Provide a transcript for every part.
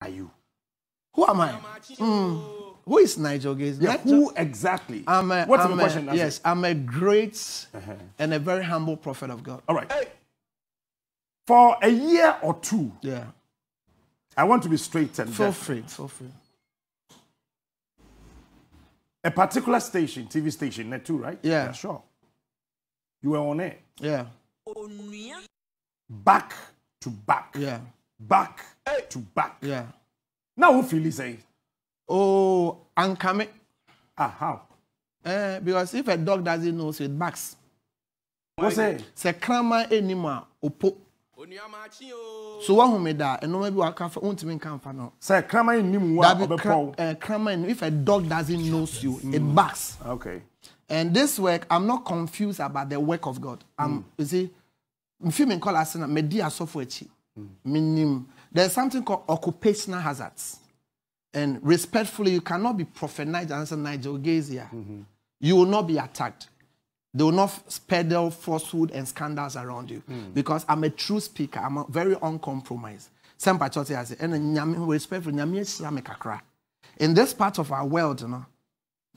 are you? Who am I? Mm. Who is Nigel Gates? Yeah, Nigel? who exactly? I'm a, What's I'm the question? A, yes, I'm a great uh -huh. and a very humble prophet of God. All right. For a year or two. Yeah. I want to be straight and feel free. Feel free. A particular station, TV station, net two, right? Yeah. yeah. Sure. You were on it. Yeah. Back to back. Yeah. Back hey. to back. Yeah. Now who feel say? Oh, ankame. Ah, how? Uh, because if a dog doesn't know, oh. so it backs. What say? It's a crama animal, opo. So what home da? And no maybe I can't. Won't even come for now. Say crama animal, opo. Uh, crama. If a dog doesn't know you, it backs. Mm. Okay. And this work, I'm not confused about the work of God. I'm, mm. you see, mfi mi call ase na mɛ di asɔfo akyi mi mm. nim There's something called occupational hazards. And respectfully, you cannot be prophetized and say Nigel here. Mm -hmm. You will not be attacked. They will not peddle falsehood and scandals around you. Mm. Because I'm a true speaker. I'm very uncompromised. and respectfully, in this part of our world, you know,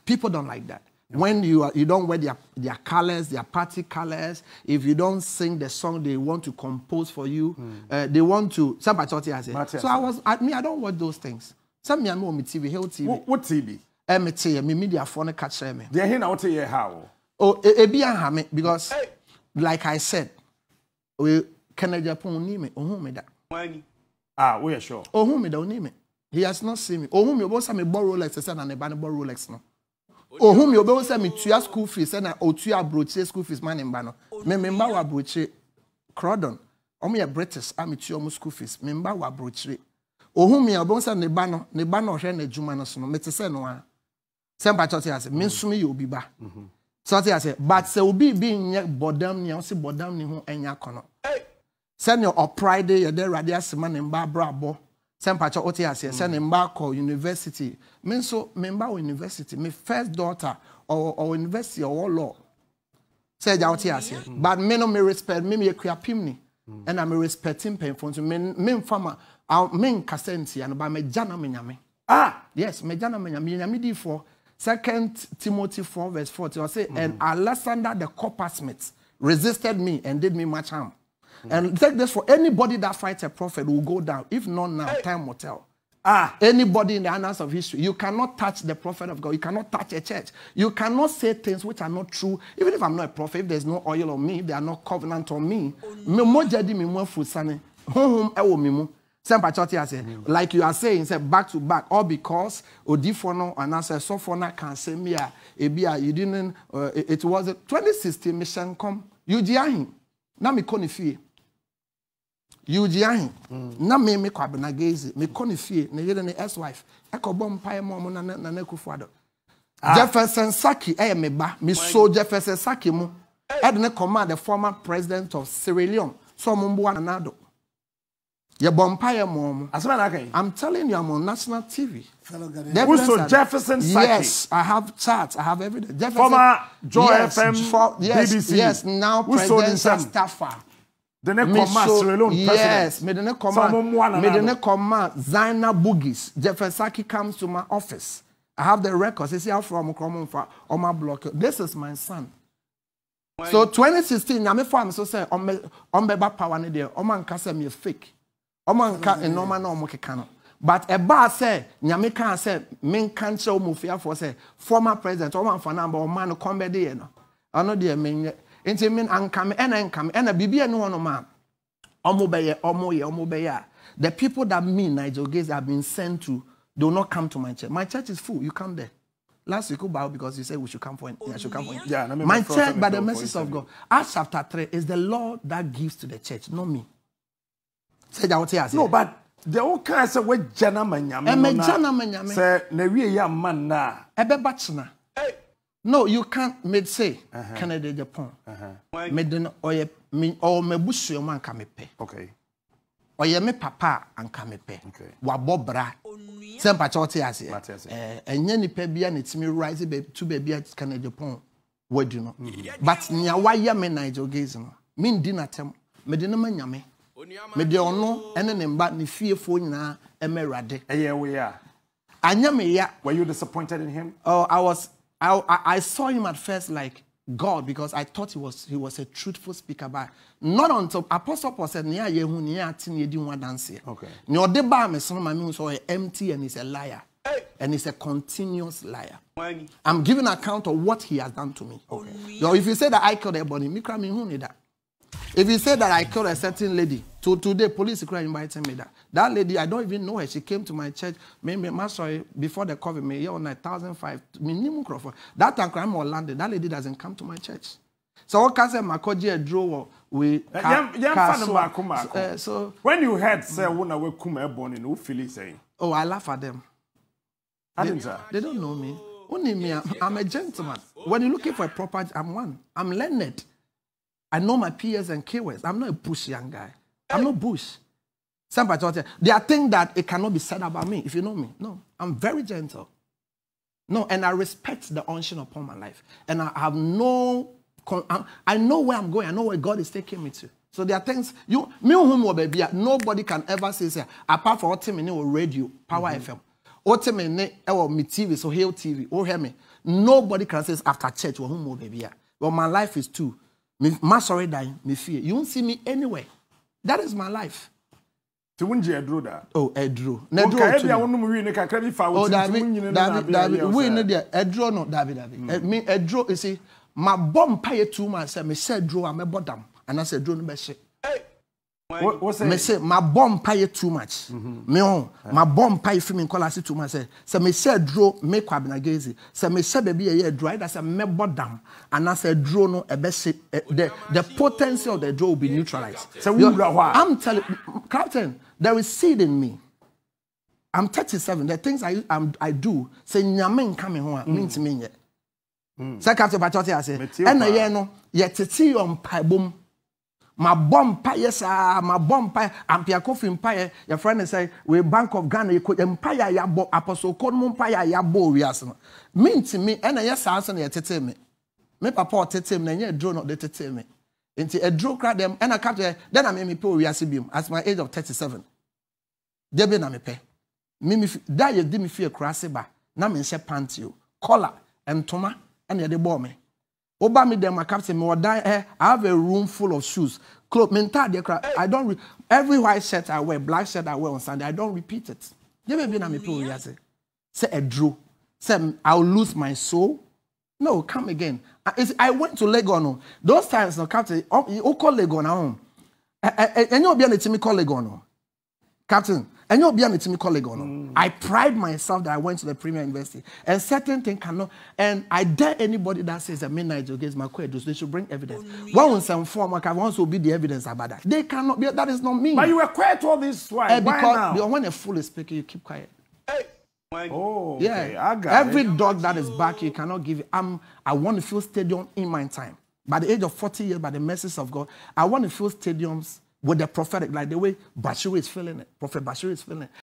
people don't like that. when you, are, you don't wear their, their colors, their party colors, if you don't sing the song they want to compose for you, mm. uh, they want to. Somebody thought I said. So I was, I, me, I don't watch those things. Some me, I'm on TV, Hill TV. What, what TV? Eh, MTA, me media phone catch me. They're here now, you how? Oh, it e, e, be a because, hey. like I said, we Canada Japan name it, oh, me that. Ah, we are sure. Oh, me that, name it. He has not seen me. Oh, me, boss, I'm a borrow Rolex, I said, and I borrow Rolex now ohun mi obɛhu sɛ metua school fees ɛna otua aburokye school fees ma ne mba no me me mba wɔ aburokye crowdon ɔmo yɛ british a metua ɔmo school fees me mba wɔ aburokye ohun mi a obɛhu sɛ ne ba no ne ba no ɔhwɛ n'adwuma no so no mete sɛ no a sɛ mpa kyɛ ɔte ase me nso yɛ obi ba sɛ mm-hmm. ɔte ase but sɛ obi bi nyɛ bɔdam ni a ɔsi bɔdam ni ho ɛnya kɔnɔ sɛnea ɔpraide yɛ dɛ awurade asema ne mba abrabɔ sɛ mpakyɛ wote aseɛ sɛ ne mba kɔ university me nso me mba wɔ university me first daughter ɔwɔ ɔwɔ university ɔwɔ law sɛ gya wote aseɛ mm. but me no me respect me me kua pim ni ɛna mm. me respect mpanyinfo nso me me nfa ma me nkasa ntia no ba me gya na me nyame ah yes me gya na me nyame nyame di fo second timothy four verse forty ɔsɛ mm. and alexander the coppersmith resisted me and did me much harm. Mm. And take this for anybody that fights a prophet will go down. If not now, time will tell. Ah, anybody in the annals of history, you cannot touch the prophet of God. You cannot touch a church. You cannot say things which are not true. Even if I'm not a prophet, if there's no oil on me, if there are no covenant on me. Oh, eh, mm. Like you are saying, say back to back, all because Odifono and answer Sofona can say me a ebia you didn't. Uh, it, it was a 2016 mission come. You jiahin. Na mi konifie yuji ahin na me me kwa benagezi me kɔ ne fie ne yere ne ex-wife ɛkɔbɔ mpae ma ɔmo nana nana kufu ah. jefferson saki ɛyɛ eh, me ba me so jefferson saki mu ɛde ne kɔma the former president of sierra leone so ɔmo mboa nana adɔ yɛbɔ mpae ma ɔmo i'm telling you i'm on national tv so jefferson saki yes i have charts i have everything former joy yes, fm for, yes, bbc yes now president staffa. Yes, mede ne kɔma zina boogies jeffersaki comes to my office i have the records ɛsi afro ɔmo korɔ ɔmo nfa ɔmo ablɔk this is my son Why? so 2016 I'm fɔ farm. so say sɛ ɔmbɛba power ne there. ɔmo anka sɛ meyɛ fake ɔmo anka mm. nnɔɔma na ɔmo keka no but ɛbaa sɛ nyame kaa sɛ menka nkyerɛ wo Mufia for say former president ɔmo amfa no amba ɔma no kɔmbɛde yɛ no ɔno deɛ menyɛ nti min ankame ɛna nkame ɛna biribi ɛne hɔ nom a ɔmo bɛyɛ ɔmo yɛ ɔmo bɛyɛ a the people that me nigel gates have been sent to do not come to my church my church is full you come there last week we bow because you said we should come for it. yeah, should come for Yeah, I mean, my, my church by the mercy of God. Acts chapter three is the Lord that gives to the church, not me. Say that what he has. No, but the old kind say we jana manyame. Eme eh, jana manyame. Say ne wie ya man na. Ebe eh, bachna no you can't made say uh-huh. canada japan uh -huh. made no oye me o me busu mu anka me pe okay oye me papa anka me pe okay. wa bobra sem pa chote ase eh enye eh, nipa bia ne timi rise be to be bia canada japan wadu no mm -hmm. but nya wa ya me niger gaze no me ndi na tem me de no manya me me de ono ene ne mba ne fiefo nyina emerade eye eh, we ya anya me ya were you disappointed in him oh i was I, I, saw him at first like God because I thought he was he was a truthful speaker, but not until Apostle Paul said, "Nia yehu nia tin yedi wadansi." Okay. Nyode ba me son mami who saw empty and he's a liar, hey. and he's a continuous liar. Money. I'm giving account of what he has done to me. Okay. Oh, so if you say that I killed a body, mikra who huni that. If you say that I killed a certain lady, To today, police cry inviting me that. That lady, I don't even know her. She came to my church. Me, me, sorry, before the COVID, me, year on a thousand five, minimum crop. That time, or Orlando. That lady doesn't come to my church. So what can say Makoji a draw we ka, eh, eh, so, when you heard say mm. una we come born in who feel it saying oh I laugh at them they, they don't know me only me I'm, a gentleman when you're looking for a property, I'm one I'm learned I know my peers and keywords I'm not a push young guy I'm not bush. Somebody told you, there are things that it cannot be said about me if you know me. No, I'm very gentle. No, and I respect the unction upon my life. And I have no, I know where I'm going. I know where God is taking me to. So there are things, you, me whom baby, nobody can ever say, say apart from what me will radio, Power mm-hmm. FM, what eh, me ne, or me TV, so Hail TV, Oh hear me. Nobody can say after church, or whom baby. Well, my life is too. Me, my sorry dying, me fear. You won't see me anywhere. That is my life. Ti wunji edro da. Oh, edro. Na edro. Okay, bia wonu mu wi ne kakra bi fa wo oh, ti wunyi ne na bia. David, David, we ne dia edro no David, David. Mm. Me edro, you see, my bomb pay to say me say edro, I me bodam, and I said edro no be shit. My bomb mpayɛ too much mm-hmm. me ho mabɔ mpayɛ fi me nkɔla ase too much sɛ sɛ mehyɛ aduro mekɔ abenagezi sɛ mehyɛ baabi yɛyɛ aduro ayɛda sɛ mɛbɔ dam anaasɛ draw no ɛbɛhye e, the the potency of the draw will be neutralized sɛ wowura i'm telling captain there is seed in me i'm 37 the things i I'm, i do say nyame nka me ho a mentumi nyɛ sɛ captain patɔ te ase ɛna yɛ no yɛtete yɛ mpaebom mabɔ mpaeɛ saa mabɔ mpaeɛ ampeakofi mpaeɛ yɛfrɛ ne sɛ "We bank of ghana mpaeɛ a yɛabɔ apɔsoko no mu mpaeɛ a yɛabɔ owiase no mentimi ɛna ɛyɛ saa nso na yɛtetee me me papa ɔtetee me na ɛnyɛ aduro na ɔde tetee me nti aduro kora dɛm ɛna kapta dɛ na memepɛ owiase biom at my age of 37 dɛ bi na mepɛ da yɛde me fie kora se ba na menhyɛ pantio kɔla ntoma ɛna yɛde bɔɔ me woba mi dem my captain mi ɔdan eh, i have a room full of shoes clothes. Mental, ntaadeɛ kora i don't. re every white shirt i wear black shirt i wear on sunday i don't repeat it yẹ bẹẹ be na mi pe oyi Say sẹ eh, ẹduro sẹ i will lose my soul no come again i, I went to Legon. Oh. those times no captain um, you call Legon na hàn ẹ ẹ ẹ ẹ nye captain. And you'll be a meeting colleague or no. Mm. I pride myself that I went to the premier university. And certain thing cannot. And I dare anybody that says a midnight against my credits, they should bring evidence. Oh, yeah. Once and form, I can also be the evidence about that. They cannot be. That is not me. But you were quiet all this while. Uh, because, Why now? because when a fool is speaking, you keep quiet. Hey. Oh, yeah. Okay. I got Every it. dog that is back, you cannot give. I'm. I want to fill stadium in my time. By the age of 40 years, by the mercies of God, I want to fill stadiums with the prophetic, like the way Bashir is feeling it. Prophet Bashir is feeling it.